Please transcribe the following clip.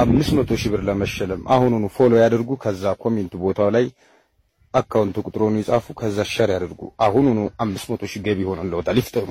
አምስት መቶ ሺህ ብር ለመሸለም አሁኑኑ ፎሎ ያደርጉ። ከዛ ኮሜንት ቦታው ላይ አካውንት ቁጥሩን ይጻፉ። ከዛ ሸር ያደርጉ። አሁኑኑ አምስት መቶ ሺህ ገቢ ለወጣ ሊፍጠሩ